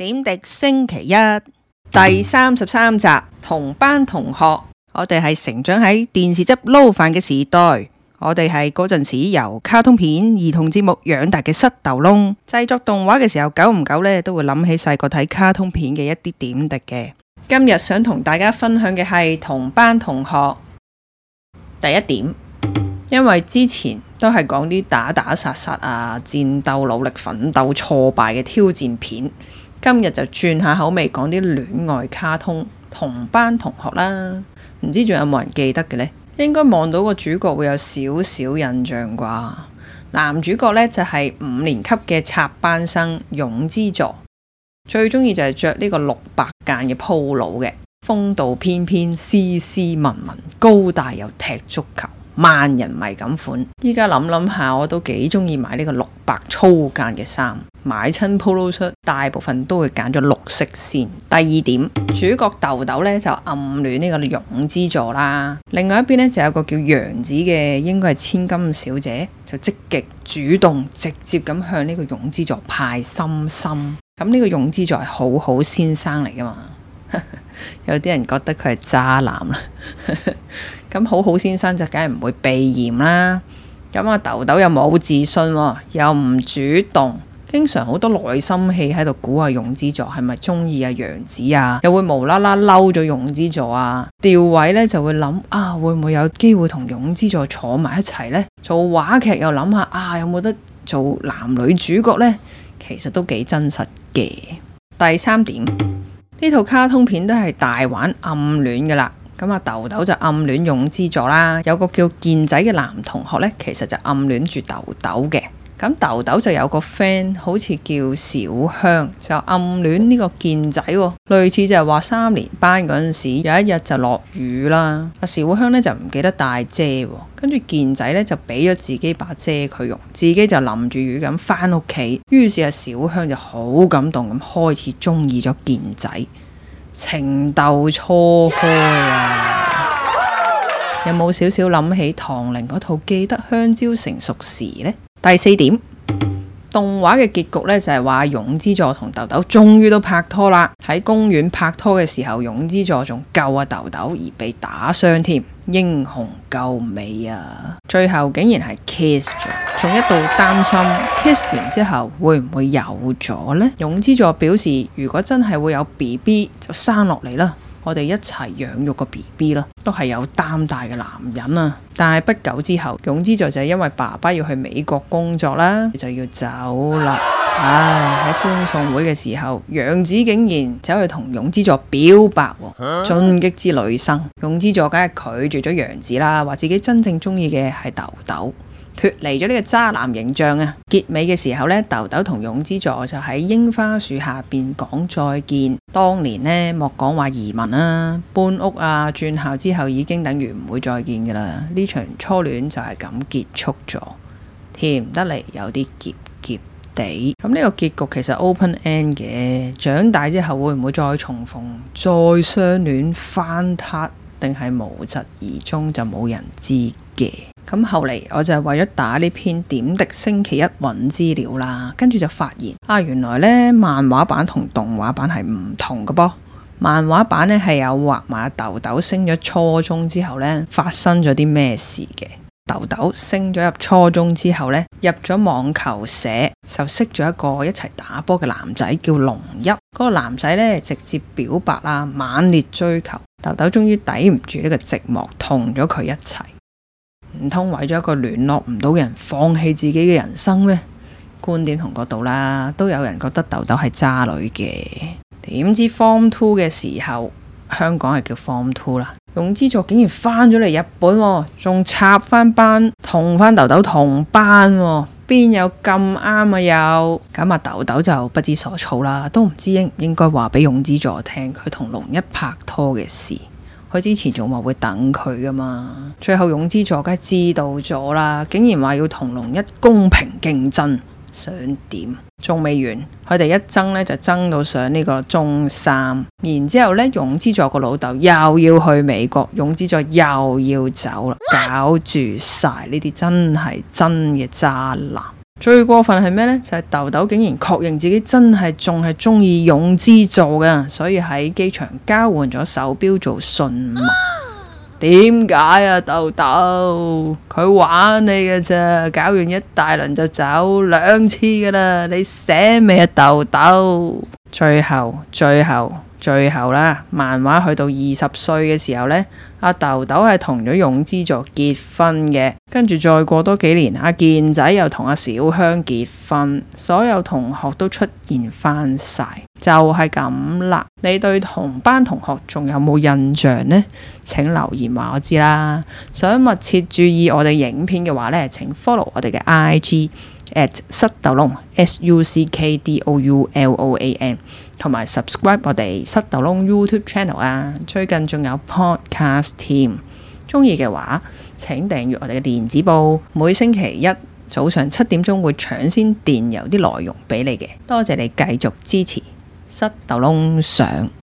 點滴星期一第三十三集《同班同學》，我哋係成長喺電視汁撈飯嘅時代，我哋係嗰陣時由卡通片、兒童節目養大嘅塞豆窿。製作動畫嘅時候，久唔久呢，都會諗起細個睇卡通片嘅一啲點滴嘅。今日想同大家分享嘅係《同班同學》第一點，因為之前都係講啲打打殺殺啊、戰鬥、努力、奮鬥、挫敗嘅挑戰片。今日就轉下口味，講啲戀愛卡通同班同學啦。唔知仲有冇人記得嘅呢？應該望到個主角會有少少印象啩。男主角呢，就係五年級嘅插班生勇之助，最中意就係着呢個六百間嘅鋪路嘅，風度翩翩、斯斯文文，高大又踢足球，萬人迷咁款。依家諗諗下，我都幾中意買呢個六百粗間嘅衫。買親 pull out，大部分都會揀咗綠色線。第二點，主角豆豆呢就暗戀呢個勇之助啦。另外一邊呢，就有個叫楊子嘅，應該係千金小姐，就積極主動直接咁向呢個勇之助派心心。咁呢個勇之助係好好先生嚟噶嘛？ 有啲人覺得佢係渣男啦。咁好好先生就梗係唔會避嫌啦。咁阿豆豆又冇自信，啊，又唔主動。經常好多內心戲喺度估下，勇之助係咪中意啊楊子啊？又會無啦啦嬲咗勇之助啊。調位咧就會諗啊，會唔會有機會同勇之助坐埋一齊呢？做話劇又諗下啊，有冇得做男女主角呢？其實都幾真實嘅。第三點，呢套卡通片都係大玩暗戀噶啦。咁啊，豆豆就暗戀勇之助啦。有個叫健仔嘅男同學咧，其實就暗戀住豆豆嘅。咁豆豆就有個 friend，好似叫小香，就暗戀呢個健仔，哦。類似就係話三年班嗰陣時，有一日就落雨啦。阿小香呢就唔記得帶遮，哦，跟住健仔呢就俾咗自己把遮佢用，自己就淋住雨咁返屋企。於是阿小香就好感動咁，開始中意咗健仔，情竇初開啊！有冇少少諗起唐玲嗰套《記得香蕉成熟時》呢？第四點，動畫嘅結局呢就係話，勇之助同豆豆終於都拍拖啦。喺公園拍拖嘅時候，勇之助仲救阿豆豆而被打傷添，英雄救美啊！最後竟然係 kiss 咗，仲一度擔心 kiss 完之後會唔會有咗呢？勇之助表示，如果真係會有 BB 就生落嚟啦。我哋一齊養育個 B B 咯，都係有擔帶嘅男人啊！但係不久之後，勇之助就係因為爸爸要去美國工作啦，就要走啦。啊、唉，喺歡送會嘅時候，楊子竟然走去同勇之助表白，進擊、啊、之女生，勇之助梗係拒絕咗楊子啦，話自己真正中意嘅係豆豆。脫離咗呢個渣男形象啊！結尾嘅時候呢，豆豆同勇之助就喺櫻花樹下邊講再見。當年呢，莫講話移民啦、啊，搬屋啊，轉校之後已經等於唔會再見㗎喇。呢場初戀就係咁結束咗，甜得嚟，有啲澀澀地。咁呢個結局其實 open end 嘅，長大之後會唔會再重逢、再相戀、翻撻，定係無疾而終，就冇人知。咁後嚟我就係為咗打呢篇點滴星期一搵資料啦，跟住就發現啊，原來呢，漫畫版同動畫版係唔同嘅噃。漫畫版呢係有畫埋豆豆升咗初中之後呢，發生咗啲咩事嘅。豆豆升咗入初中之後呢，入咗網球社，就識咗一個一齊打波嘅男仔叫龍一。嗰個男仔呢，直接表白啦，猛烈追求豆豆，終於抵唔住呢個寂寞，同咗佢一齊。唔通為咗一個聯絡唔到嘅人放棄自己嘅人生咩？觀點同角度啦，都有人覺得豆豆係渣女嘅。點知 Form Two 嘅時候，香港係叫 Form Two 啦。勇之助竟然返咗嚟日本。哦，仲插翻班，同翻豆豆同班。哦，邊有咁啱啊又？又咁啊，豆豆就不知所措啦，都唔知應唔應該話俾勇之助聽佢同龍一拍拖嘅事。佢之前仲話會等佢㗎嘛，最後勇之助梗係知道咗啦，竟然話要同龍一公平競爭，想點？仲未完，佢哋一爭呢，就爭到上呢個中三，然之後呢，勇之助個老豆又要去美國，勇之助又要走啦，搞住晒呢啲真係真嘅渣男。最過分係咩呢？就係、是、豆豆竟然確認自己真係仲係中意勇之助嘅，所以喺機場交換咗手錶做信物。點解啊，啊，豆豆？佢玩你嘅啫，搞完一大輪就走兩次嘅啦，你死咩啊，豆豆？最後，最後。最後啦，漫畫去到二十歲嘅時候呢，阿、啊、豆豆係同咗勇之助結婚嘅。跟住再過多幾年，阿、啊、健仔又同阿、啊、小香結婚。所有同學都出現翻晒，就係、是、咁啦。你對同班同學仲有冇印象呢？請留言話我知啦。想密切注意我哋影片嘅話呢，請 follow 我哋嘅 IG at Suckdouloan S U C K D O U L O A N。同埋 subscribe 我哋塞豆窿 YouTube channel 啊，最近仲有 podcast team。中意嘅話請訂閱我哋嘅電子報，每星期一早上七點鐘會搶先電郵啲內容俾你嘅，多謝你繼續支持塞豆窿上。